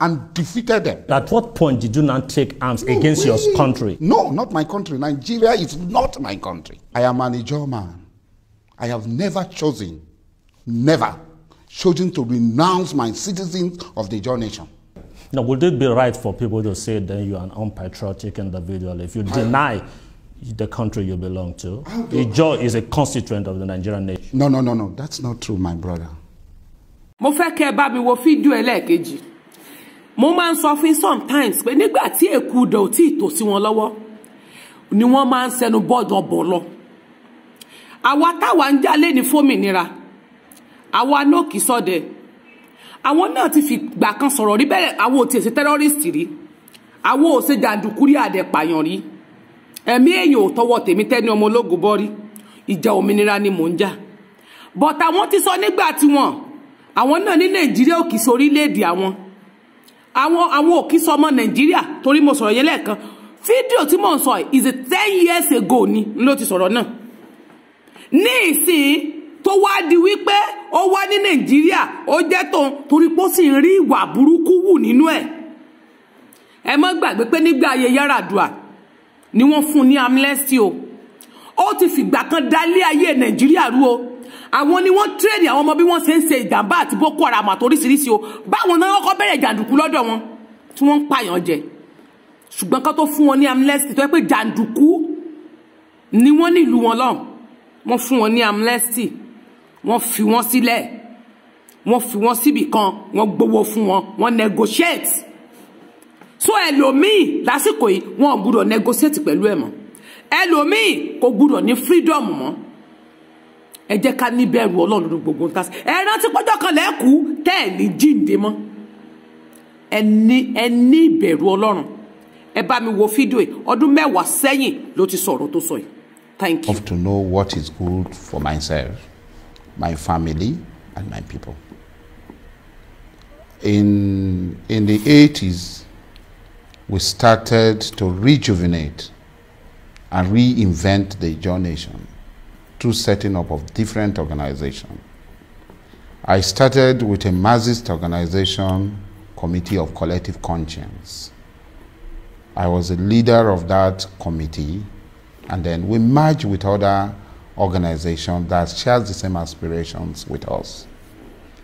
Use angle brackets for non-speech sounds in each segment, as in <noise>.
and defeated them. At what point did you not take arms no, against your country? No, not my country. Nigeria is not my country. I am an Ijaw man. I have never chosen, never chosen to renounce my citizens of the Ijaw nation. Now, would it be right for people to say then you are an unpatriotic individual if you I, deny the country you belong to? Ijaw is a constituent of the Nigerian nation. No, no, no, no. That's not true, my brother. mo fẹ́ kẹ́ bá mi wo mo máa ń sọ fún sometimes pé nígbà tí èkú dẹ̀ ò tí ì tò sí wọn lọ́wọ́ ni wọ́n máa ń sẹnu bọ́ọ̀dọ̀ bọ̀ lọ àwa táwa ń jalè ní fómìnira àwa náà kì í sọdẹ àwọn náà ti fi gbà kan sọ̀rọ̀ rí bẹ́ẹ̀ àwọn ò tiẹ̀ ṣe tẹ́rọ́rìstì rí àwọn ò ṣe jàǹdùkú rí àdẹ̀pàyàn rí ẹ̀mí èèyàn ò tọwọ́ tèmi tẹ́ni ọmọ ológun bọ́ rí ìjà òmìnira ni mò ń jà bọ̀tà wọn ti sọ nígbà tiwọn àwọn náà ní nàìjíríà ò kì í ṣe orílẹ̀-èdè àwọn àwọn àwọn òkì sọmọ nàìjíríà torí mo sọ̀rọ̀ yẹn lẹ́ẹ̀kan fídíò tí mò ń sọ is a ten years ago ni ló ti sọ̀rọ̀ náà ní ìsìn tó wá di wípé ó wá ní nàìjíríà ó jẹ́ tòun torí pé ó sì ń rí ìwà burúkú wù nínú ẹ̀ ẹ mọ́ gbàgbé pé nígbà ayé Yar'Adua ni wọ́n fún ní amnesty o ó ti fìgbà kan dálé ayé nàìjíríà rú o àwọn ni wọ́n tírèdì àwọn ọmọ bí wọ́n ṣe ń ṣe ìjàmbá àti boko haram àtòríṣiríṣi o báwọn náà kọ́kọ́ bẹ̀rẹ̀ jàǹdùkú lọ́dọ̀ wọn tí wọ́n ń pààyàn jẹ ṣùgbọ́n kó tó fún wọn ní amnesty tó yẹ pé jàǹdùkú ni wọ́n nílùú wọn lọ́hùn wọ́n fún wọn ní amnesty wọ́n fi wọ́n sílẹ̀ wọ́n fi wọ́n síbì kan wọ́n gbowó fún wọn wọ́n negotiate so ẹlòmíì lásìkò yìí wọn ò gbúdọ̀ negotiate pẹ̀lú ẹ̀ mọ́ ẹlòmíì kò gbúdọ̀ ní freedom mọ́ ẹ jẹ́ ká níbẹ̀rù ọlọ́run gbogbo ń tásí ẹ rántí pọ́jọ́ kan lẹ́kùú tẹ́ ẹ̀ ní jíǹde mọ́ ẹ ní ìbẹ̀rù ọlọ́run ẹ bá mi wo fídíò yìí ọdún mẹ́wàá sẹ́yìn ló ti sọ̀rọ̀ tó sọ yìí thank you. I have to know what is good for myself my family and my people. In, in the eighties, we started to rejuvenate and reinvent the John Nation. through setting up of different organizations. I started with a Marxist organization, Committee of Collective Conscience. I was a leader of that committee, and then we merged with other organizations that shares the same aspirations with us.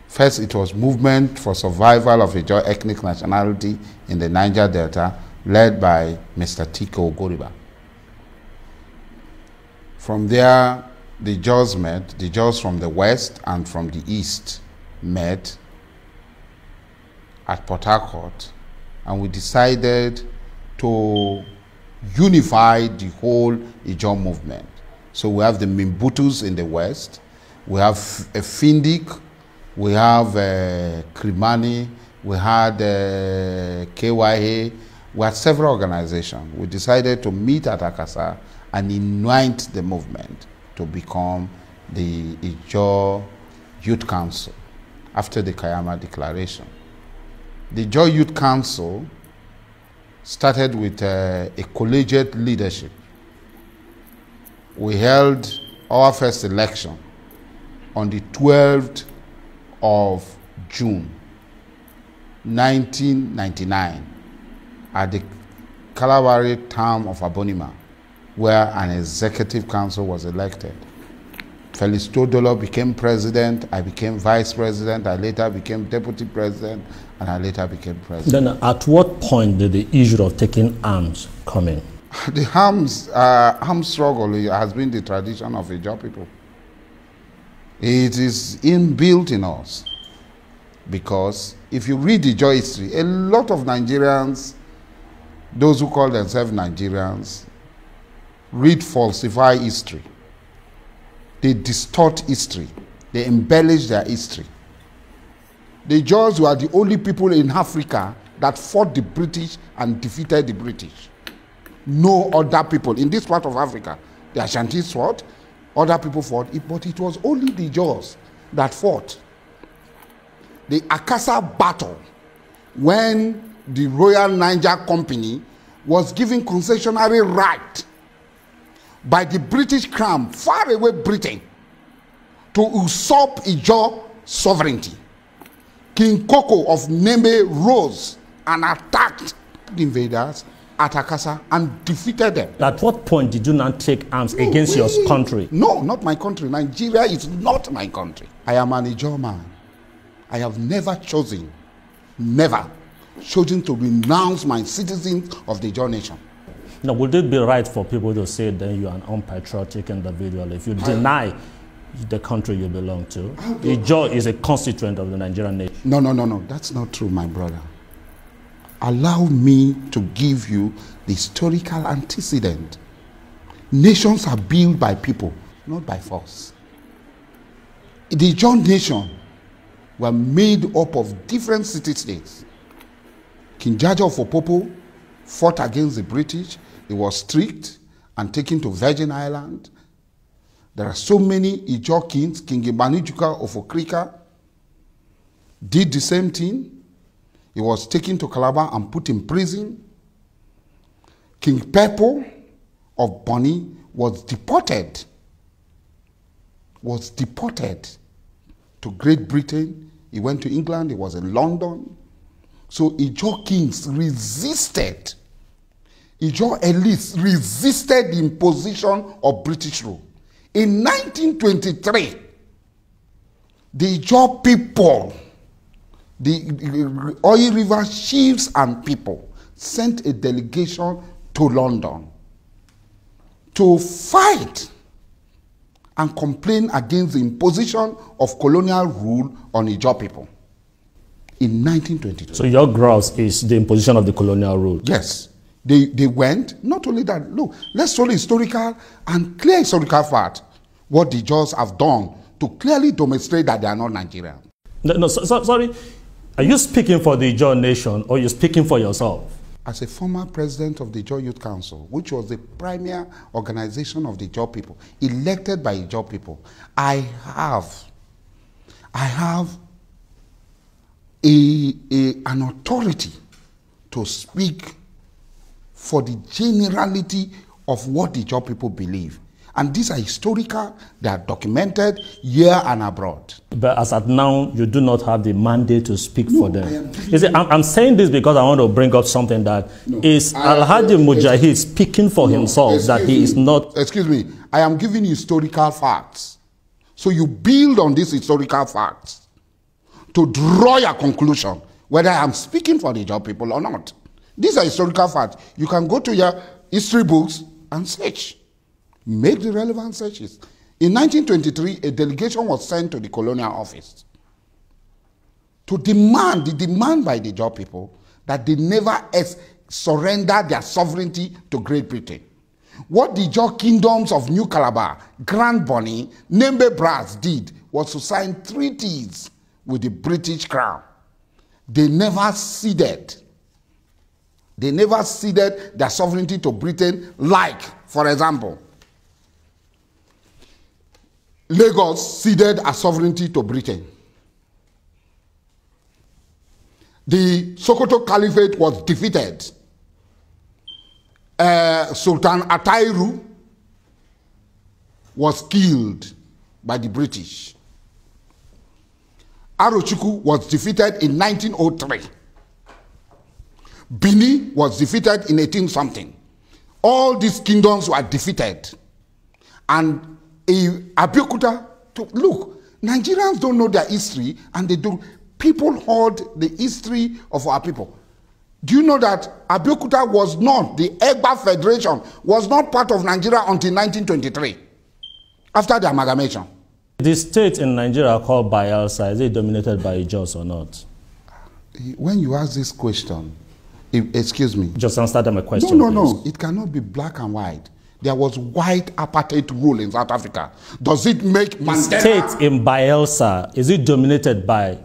First, it was Movement for Survival of a Ethnic Nationality in the Niger Delta, led by Mr. Tiko Goriba. From there, the Jaws met, the Jaws from the west and from the east met at Port Harcourt, and we decided to unify the whole Ijaw movement. So we have the Mimbutus in the west, we have a Findek. we have a uh, Krimani, we had uh, a KYA, we had several organizations. We decided to meet at Akasa and unite the movement to become the Joy Youth Council after the Kayama Declaration. The Joy Youth Council started with uh, a collegiate leadership. We held our first election on the 12th of June 1999 at the Kalawari town of Abonima where an executive council was elected. Felisto Todolo became president, I became vice president, I later became deputy president, and I later became president. Then at what point did the issue of taking arms come in? <laughs> The arms, uh, arms struggle has been the tradition of Ijaw people. It is inbuilt in us. Because if you read the Ijaw history, a lot of Nigerians, those who call themselves Nigerians, read falsify history. They distort history. They embellish their history. The Jaws were the only people in Africa that fought the British and defeated the British. No other people in this part of Africa. The Ashantis fought, other people fought, but it was only the Jaws that fought. The Akasa battle, when the Royal Niger Company was given concessionary right by the British crown, far away Britain, to usurp Ijaw sovereignty. King Koko of Neme rose and attacked the invaders at Akasa and defeated them. At what point did you not take arms no, against we, your country? No, not my country. Nigeria is not my country. I am an Ijaw man. I have never chosen, never chosen to renounce my citizens of the Ijaw nation. Now, would it be right for people to say then you're an unpatriotic individual if you I, deny the country you belong to? Ijo is a constituent of the Nigerian nation. No, no, no, no. That's not true, my brother. Allow me to give you the historical antecedent. Nations are built by people, not by force. The John nation were made up of different city states. King Jaja of Opopo fought against the British he was tricked and taken to Virgin Island. There are so many Ijaw kings. King Ibanijuka of Okrika did the same thing. He was taken to Calabar and put in prison. King Pepo of Bonny was deported, was deported to Great Britain. He went to England. He was in London. So Ijaw kings resisted Ijaw elites resisted the imposition of British rule. In 1923, the Ijaw people, the Oil River chiefs and people, sent a delegation to London to fight and complain against the imposition of colonial rule on Ijaw people in 1922. So your grouse is the imposition of the colonial rule? Yes. They, they went. Not only that, look, let's show historical and clear historical fact what the Jaws have done to clearly demonstrate that they are not Nigerian. No, no so, so, sorry. Are you speaking for the Jaw nation or are you speaking for yourself? As a former president of the Jaw Youth Council, which was the premier organization of the Jaw people, elected by Jaw people, I have, I have a, a, an authority to speak for the generality of what the job people believe. And these are historical, they are documented here and abroad. But as at now, you do not have the mandate to speak no, for them. You see, I'm, I'm, saying this because I want to bring up something that no, is Al Hadi Mujahid speaking for no, himself that he is not. Excuse me, I am giving historical facts. So you build on these historical facts to draw your conclusion whether I'm speaking for the job people or not. These are historical facts. You can go to your history books and search. Make the relevant searches. In 1923, a delegation was sent to the colonial office to demand, the demand by the job people, that they never surrender their sovereignty to Great Britain. What the Jaw kingdoms of New Calabar, Grand Bonny, Nembe Brass did was to sign treaties with the British crown. They never ceded. They never ceded their sovereignty to Britain, like, for example, Lagos ceded a sovereignty to Britain. The Sokoto Caliphate was defeated. Uh, Sultan Atairu was killed by the British. Arochukwu was defeated in 1903. Bini was defeated in 18 something. All these kingdoms were defeated. And Abiyakuta took, look, Nigerians don't know their history and they don't. People hold the history of our people. Do you know that Abiyakuta was not, the Egba Federation was not part of Nigeria until 1923, after the amalgamation. The state in Nigeria called Bayelsa, is it dominated by Ijos or not? When you ask this question, If, excuse me. Just answer them a question. No, no, please. no. It cannot be black and white. There was white apartheid rule in South Africa. Does it make Mandela? state in Bielsa is it dominated by?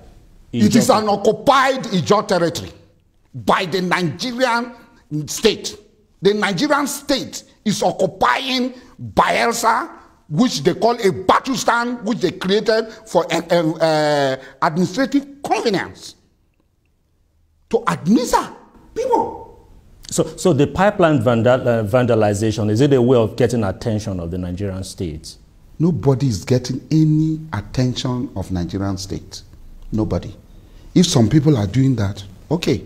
Ijo it is an occupied Ijo territory by the Nigerian state. The Nigerian state is occupying Bielsa, which they call a battle Batustan, which they created for uh, uh, administrative convenience to administer people. So, so the pipeline vandal, uh, vandalization, is it a way of getting attention of the Nigerian state? Nobody is getting any attention of Nigerian state. Nobody. If some people are doing that, okay.